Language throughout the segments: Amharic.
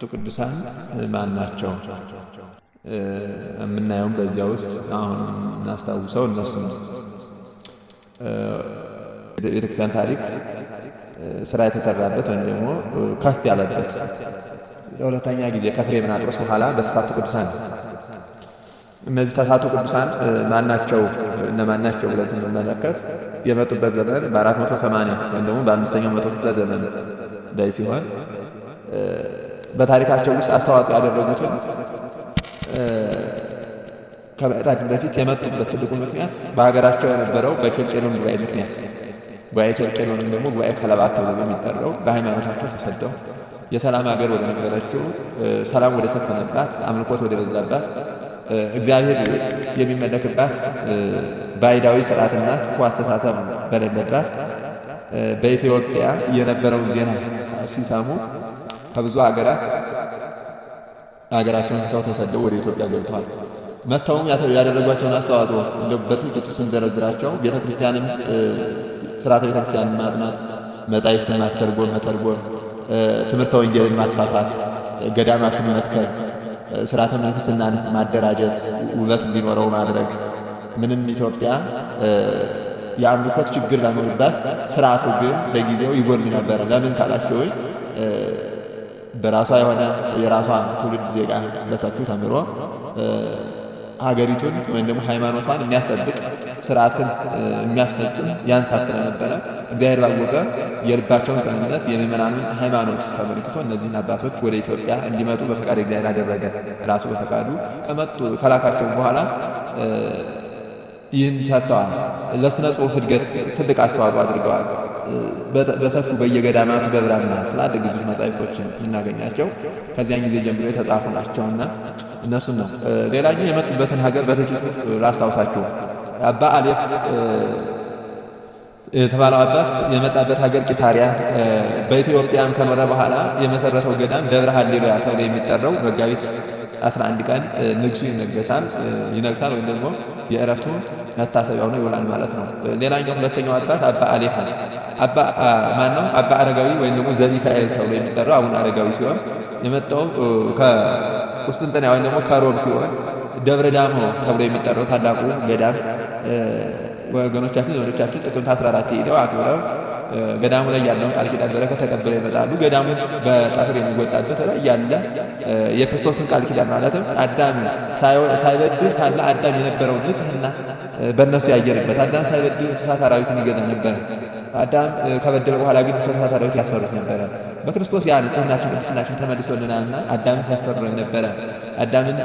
አራቱ ቅዱሳን ማን ናቸው? የምናየውም በዚያ ውስጥ አሁን እናስታውሰው እነሱ ቤተክርስቲያን ታሪክ ስራ የተሰራበት ወይም ደግሞ ከፍ ያለበት ለሁለተኛ ጊዜ ከፍሬምናጦስ በኋላ በተሳቱ ቅዱሳን እነዚህ ተሳቱ ቅዱሳን ማናቸው እነማን ብለን ስንመለከት የመጡበት ዘመን በአራት መቶ ሰማንያ ወይም ደግሞ በአምስተኛው መቶ ክፍለ ዘመን ላይ ሲሆን በታሪካቸው ውስጥ አስተዋጽኦ ያደረጉትን ከምዕራችን በፊት የመጡበት ትልቁ ምክንያት በሀገራቸው የነበረው በኬልቄዶን ጉባኤ ምክንያት ጉባኤ ኬልቄዶንም ደግሞ ጉባኤ ከለባት ተብሎ የሚጠራው በሃይማኖታቸው ተሰደው የሰላም ሀገር ወደ ነበረችው ሰላም ወደ ሰፈነባት፣ አምልኮት ወደ በዛባት፣ እግዚአብሔር የሚመለክባት ባይዳዊ ስርዓትና ክፉ አስተሳሰብ በሌለባት በኢትዮጵያ የነበረውን ዜና ሲሰሙ ከብዙ ሀገራት ሀገራቸውን ትተው ተሰደው ወደ ኢትዮጵያ ገብተዋል። መጥተውም ያደረጓቸውን አስተዋጽኦ በጥቂቱ ስንዘረዝራቸው ቤተ ስርዓተ ቤተ ማጽናት፣ መጻሕፍትን ማስተርጎም መተርጎም፣ ትምህርተ ወንጌልን ማስፋፋት፣ ገዳማትን መትከል፣ ስርዓተ መንግስትናን ማደራጀት፣ ውበት እንዲኖረው ማድረግ ምንም ኢትዮጵያ የአምልኮት ችግር ለመግባት ስርዓቱ ግን ለጊዜው ይጎል ነበረ። ለምን ካላቸው በራሷ የሆነ የራሷ ትውልድ ዜጋ በሰፊው ተምሮ ሀገሪቱን ወይም ደግሞ ሃይማኖቷን የሚያስጠብቅ ስርዓትን የሚያስፈጽም ያንሳት ስለነበረ እግዚአብሔር ባወቀ የልባቸውን ቅንነት የምዕመናኑን ሃይማኖት ተመልክቶ እነዚህን አባቶች ወደ ኢትዮጵያ እንዲመጡ በፈቃድ እግዚአብሔር አደረገ። ራሱ በፈቃዱ ከመጡ ከላካቸው በኋላ ይህን ሰጥተዋል። ለስነ ጽሁፍ እድገት ትልቅ አስተዋጽኦ አድርገዋል። በሰፊው በየገዳማቱ በብራና ትላልቅ ግዙፍ መጻሕፍቶችን እናገኛቸው ከዚያን ጊዜ ጀምሮ የተጻፉ ናቸውና እነሱን ነው። ሌላኛው የመጡበትን ሀገር በጥቂቱ ላስታውሳችሁ። አባ አሌፍ የተባለው አባት የመጣበት ሀገር ቂሳሪያ፣ በኢትዮጵያም ከኖረ በኋላ የመሰረተው ገዳም ደብረ ሀሌሉያ ተብሎ የሚጠራው መጋቢት 11 ቀን ንግሱ ይነገሳል ይነግሳል ወይም ደግሞ የእረፍቱ መታሰቢያው ነው ይውላል ማለት ነው። ሌላኛው ሁለተኛው አባት አባ አሌፍ ነው። አባ ማነው አባ አረጋዊ ወይም ደግሞ ዘሚካኤል ተብሎ የሚጠራው አቡነ አረጋዊ ሲሆን የመጣው ከቁስጥንጥንያ ወይም ደግሞ ከሮም ሲሆን ደብረ ዳሞ ተብሎ የሚጠራው ታላቁ ገዳም ወገኖቻችን ዘመዶቻችን ጥቅምት 14 ሄደው አክብረው ገዳሙ ላይ ያለውን ቃል ኪዳን በረከት ተቀብለው ይመጣሉ። ገዳሙ በጠፍር የሚወጣበት ላይ ያለ የክርስቶስን ቃል ኪዳን ማለትም አዳም ሳይበድል ሳለ አዳም የነበረውን ንጽህና በእነሱ ያየንበት አዳም ሳይበድል እንስሳት አራዊትን ይገዛ ነበር። አዳም ከበደለ በኋላ ግን እንስሳ ሰራዊት ያስፈሩት ነበረ። በክርስቶስ ያ ንጽህናችን ቅድስናችን ተመልሶልናልና አዳምን ሲያስፈሩ ነበረ። አዳምን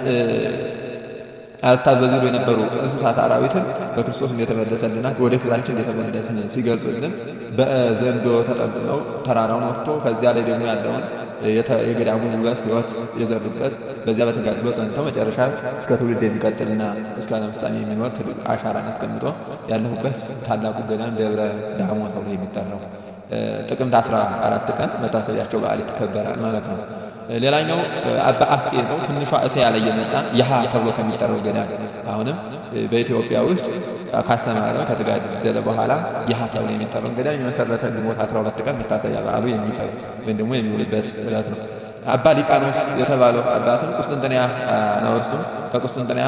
አልታዘዙ የነበሩ እንስሳት አራዊትን በክርስቶስ እንደተመለሰልና ወደ ክብራችን እንደተመለስን ሲገልጹልን በዘንዶ ተጠምጥመው ተራራውን ወጥቶ ከዚያ ላይ ደግሞ ያለውን የገዳሙን ውበት ህይወት የዘሩበት በዚያ በተጋድሎ ጸንተው መጨረሻ እስከ ትውልድ የሚቀጥልና እስከ ዓለም ፍጻሜ የሚኖር ትልቅ አሻራን አስቀምጦ ያለሁበት ታላቁ ገዳም ደብረ ዳሞ ተብሎ የሚጠራው ጥቅምት 14 ቀን መታሰቢያቸው በዓል ይከበራል ማለት ነው። ሌላኛው አባ አክስኤ ነው። ትንሿ እሴ ያለ የመጣ ይሃ ተብሎ ከሚጠራው ገዳም አሁንም በኢትዮጵያ ውስጥ ካስተማረ ከተጋደለ በኋላ የሀ ተብሎ የሚጠራው ገዳም የመሰረተ ግንቦት 12 ቀን መታሰቢያ በዓሉ የሚከብር ወይም ደግሞ የሚውልበት ዕለት ነው። አባ ሊቃኖስ የተባለው አባትም ቁስጥንጥንያ ናወርስቱም ከቁስጥንጥንያ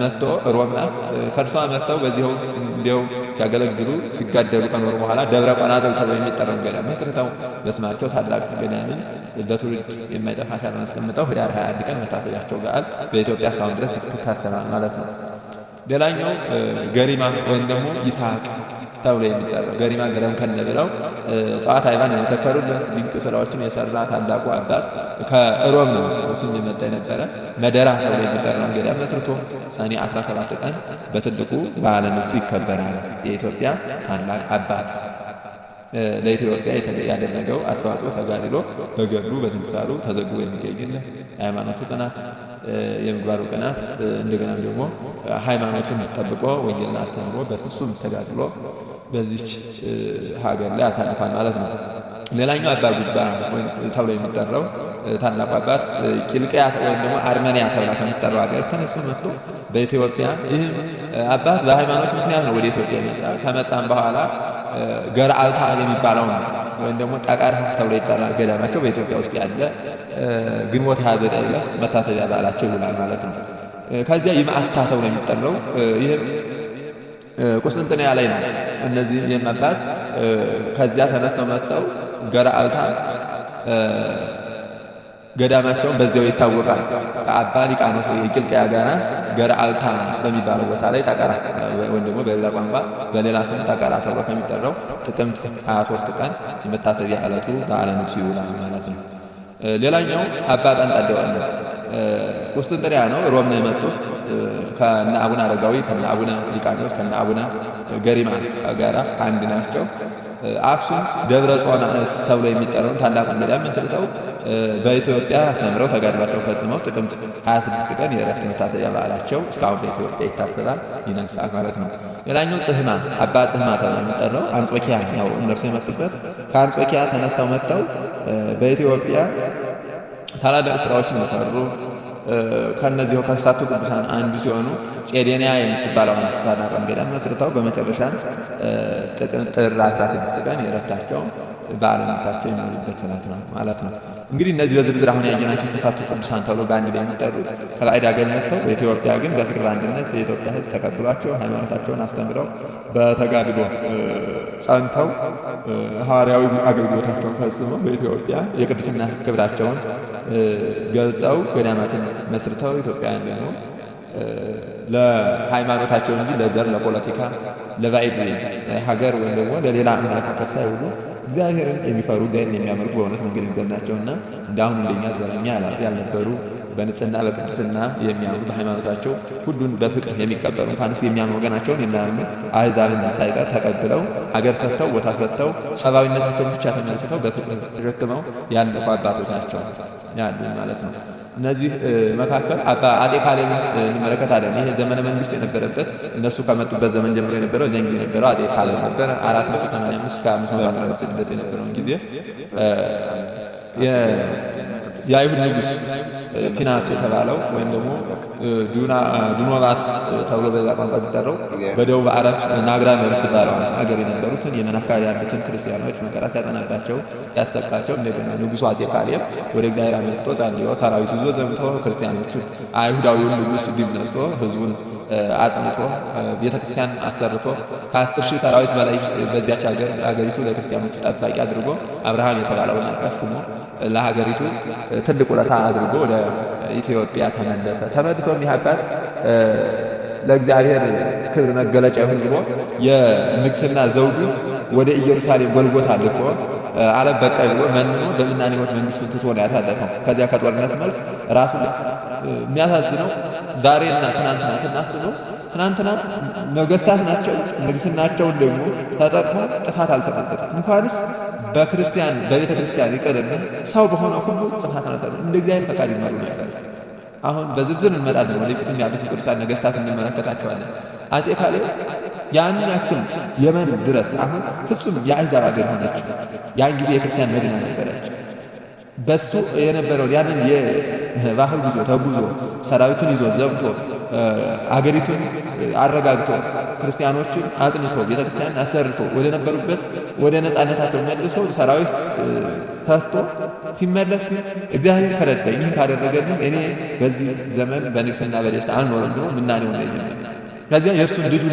መጥቶ ሮም ናት ከእርሷ መጥተው በዚው እንዲው ሲያገለግሉ ሲጋደሉ ከኖሩ በኋላ ደብረ ቆናዘል ተብሎ የሚጠራው ገዳም መስርተው በስማቸው ታላቅ ገዳምን በትውልድ የማይጠፋ አሻራን አስቀምጠው ህዳር 21 ቀን መታሰቢያቸው በዓል በኢትዮጵያ እስካሁን ድረስ ይታሰባል ማለት ነው። ሌላኛው ገሪማ ወይም ደግሞ ይስሐቅ ተብሎ የሚጠራው ገሪማ ገረም ከነ ብለው ጸዋት አይባን የመሰከሩለት ድንቅ ስራዎችን የሰራ ታላቁ አባት ከሮም ነው እሱም የመጣ የነበረ መደራ ተብሎ የሚጠራውን ገዳም መስርቶ ሰኔ 17 ቀን በትልቁ በዓለ ንግሱ ይከበራል። የኢትዮጵያ ታላቅ አባት ለኢትዮጵያ ያደረገው አስተዋጽኦ ተጋድሎ በገድሉ በትንሳሉ ተዘግቦ የሚገኝልን ሃይማኖቱ ጥናት የምግባሩ ቅናት እንደገና ደግሞ ሃይማኖቱን ጠብቆ ወንጌልን አስተምሮ በፍጹም ተጋድሎ በዚች ሀገር ላይ አሳልፋል ማለት ነው። ሌላኛው አባ ጉባ ተብሎ የሚጠራው ታላቁ አባት ቂልቅያ ወይም ደግሞ አርመኒያ ተብላ ከሚጠራው ሀገር ተነስቶ መጥቶ በኢትዮጵያ ይህም አባት በሃይማኖት ምክንያት ነው ወደ ኢትዮጵያ ከመጣም በኋላ ገርአልታ የሚባለው ነው ወይም ደግሞ ጠቀር ተብሎ ይጠራል። ገዳማቸው በኢትዮጵያ ውስጥ ያለ ግንቦት 29 ዕለት መታሰቢያ በዓላቸው ይውላል ማለት ነው። ከዚያ ይምአታ ተብሎ የሚጠራው ይህም ቁስጥንጥንያ ላይ ነው። እነዚህ የመባት ከዚያ ተነስተው መጥተው ገርአልታ ገዳማቸውን በዚያው ይታወቃል። ከአባ ሊቃኖስ የቂልጥያ ጋራ ገርአልታ በሚባለው ቦታ ላይ ጠቀራ ወይም ደግሞ በሌላ ቋንቋ በሌላ ስም ጠቀራ ተብሎ ከሚጠራው ጥቅምት 23 ቀን የመታሰቢያ ዕለቱ በዓለ ንግሡ ይውላል ማለት ነው። ሌላኛው አባ ጰንጠሌዎን አለ። ቁስጥንጥንያ ነው፣ ሮም ነው የመጡት ከነ አቡነ አረጋዊ ከነ አቡነ ሊቃኖስ ከነ አቡነ ገሪማ ጋራ አንድ ናቸው። አክሱም ደብረ ጾና ተብሎ የሚጠራውን ታላቁ ገዳም መስርተው በኢትዮጵያ አስተምረው ተጋድሏቸው ፈጽመው ጥቅምት 26 ቀን የእረፍት መታሰቢያ በዓላቸው እስካሁን በኢትዮጵያ ይታሰባል። ይነግሳል ማለት ነው። ሌላኛው ጽህማ አባ ጽህማ ተብሎ የሚጠራው አንጾኪያ ነው። እነርሱ የመጡበት ከአንጾኪያ ተነስተው መጥተው በኢትዮጵያ ታላላቅ ስራዎች ነው የሰሩ ከእነዚሁ ከሳቱ ቅዱሳን አንዱ ሲሆኑ ጼዴንያ የምትባለው ታላቅ ገዳም መስርተው በመጨረሻ ጥር 16 ቀን የረታቸው በዓለ ምሳቸው የሚውሉበት ስርዓት ነው ማለት ነው። እንግዲህ እነዚህ በዝርዝር አሁን ያየናቸው የተሳቱ ቅዱሳን ተብሎ በአንድ ላይ የሚጠሩ ከላይድ አገር መጥተው በኢትዮጵያ ግን በፍቅር በአንድነት የኢትዮጵያ ሕዝብ ተከትሏቸው ሃይማኖታቸውን አስተምረው በተጋድሎ ጸንተው ሐዋርያዊ አገልግሎታቸውን ፈጽመው በኢትዮጵያ የቅድስና ክብራቸውን ገልጠው ገዳማትን መስርተው ኢትዮጵያውያን ደግሞ ለሃይማኖታቸው እንጂ ለዘር፣ ለፖለቲካ፣ ለባዕድ ሀገር ወይም ደግሞ ለሌላ አመለካከት ሳይውሉ እግዚአብሔርን የሚፈሩ እግዚአብሔርን የሚያመልኩ በእውነት መንገድ ይገናቸውና እንደ አሁን እንደኛ ዘረኛ ያልነበሩ በንጽህና በቅድስና የሚያምኑ በሃይማኖታቸው ሁሉን በፍቅር የሚቀበሉ እንኳንስ የሚያምኑ ወገናቸውን የሚያምኑ አሕዛብን ሳይቀር ተቀብለው አገር ሰጥተው ቦታ ሰጥተው ሰብአዊነታቸውን ብቻ ተመልክተው በፍቅር ተሸክመው ያለፉ አባቶች ናቸው ያሉ ማለት ነው። እነዚህ መካከል አጼ ካሌብ እንመለከታለን። ይሄ ዘመነ መንግስት የነበረበት እነሱ ከመጡበት ዘመን ጀምሮ የነበረው ዘን ጊዜ የነበረው አጼ ካሌብ ነበረ። አራት መቶ ሰማንያ አምስት ከአምስት መቶ አስራ ስድስት ድረስ የነበረውን ጊዜ የአይሁድ ንጉስ ፒናስ የተባለው ወይም ደግሞ ዱኖራስ ተብሎ በዛ ቋንቋ የሚጠራው በደቡብ አረብ ናግራ ነው የምትባለው አገር የነበሩትን የመን አካባቢ ያሉትን ክርስቲያኖች መከራ ሲያጠናባቸው ሲያሰቃቸው፣ እንደገና ንጉሱ አጼ ካሌብ ወደ እግዚአብሔር አመልክቶ ጸልዮ ሰራዊት ይዞ ዘምቶ ክርስቲያኖቹን አይሁዳዊውን ንጉስ ድል ነስቶ ህዝቡን አጽንቶ ቤተክርስቲያን አሰርቶ ከአስር ሺህ ሰራዊት በላይ በዚያች ሀገሪቱ ለክርስቲያኖች ጠባቂ አድርጎ አብርሃም የተባለውን አቀፍሞ ለሀገሪቱ ትልቅ ውለታ አድርጎ ወደ ኢትዮጵያ ተመለሰ። ተመልሶም ይህ አባት ለእግዚአብሔር ክብር መገለጫ ይሁን ብሎ የንግስና ዘውዱ ወደ ኢየሩሳሌም ጎልጎታ ልኮ ዓለም በቃኝ ብሎ መንኖ በምናኔ መንግስቱን ትቶ ነው ያሳለፈው። ከዚያ ከጦርነት መልስ ራሱ የሚያሳዝነው ዛሬና ትናንትና ስናስበው ትናንትና ነገስታት ናቸው። ንግስናቸውን ደግሞ ተጠቅሞ ጥፋት አልሰጠበትም እንኳንስ በክርስቲያን በቤተ ክርስቲያን ይቀርብን ሰው በሆነ ሁሉ ጽንፈት ነተር እንደ እግዚአብሔር ፈቃድ ይመሩ ነበር። አሁን በዝርዝር እንመጣለን። ወደፊትም ያሉት ቅዱሳን ነገስታት እንመለከታቸዋለን። አጼ ካሌብ ያንን ያክል የመን ድረስ አሁን ፍጹም የአሕዛብ አገር ሆነች። ያን ጊዜ የክርስቲያን መዲና ነበረች። በሱ የነበረውን ያንን የባህል ጉዞ ተጉዞ ሰራዊቱን ይዞ ዘብቶ አገሪቱን አረጋግቶ ክርስቲያኖችን አጽንቶ ቤተክርስቲያን አሰርቶ ወደ ነበሩበት ወደ ነጻነታቸው መልሶ ሰራዊት ሰጥቶ ሲመለስ እግዚአብሔር ከረዳ ይህን ካደረገልን እኔ በዚህ ዘመን በንግስና በደስታ አልኖርም ብሎ ምናኔው ነው። ከዚያ የእርሱን ልጁ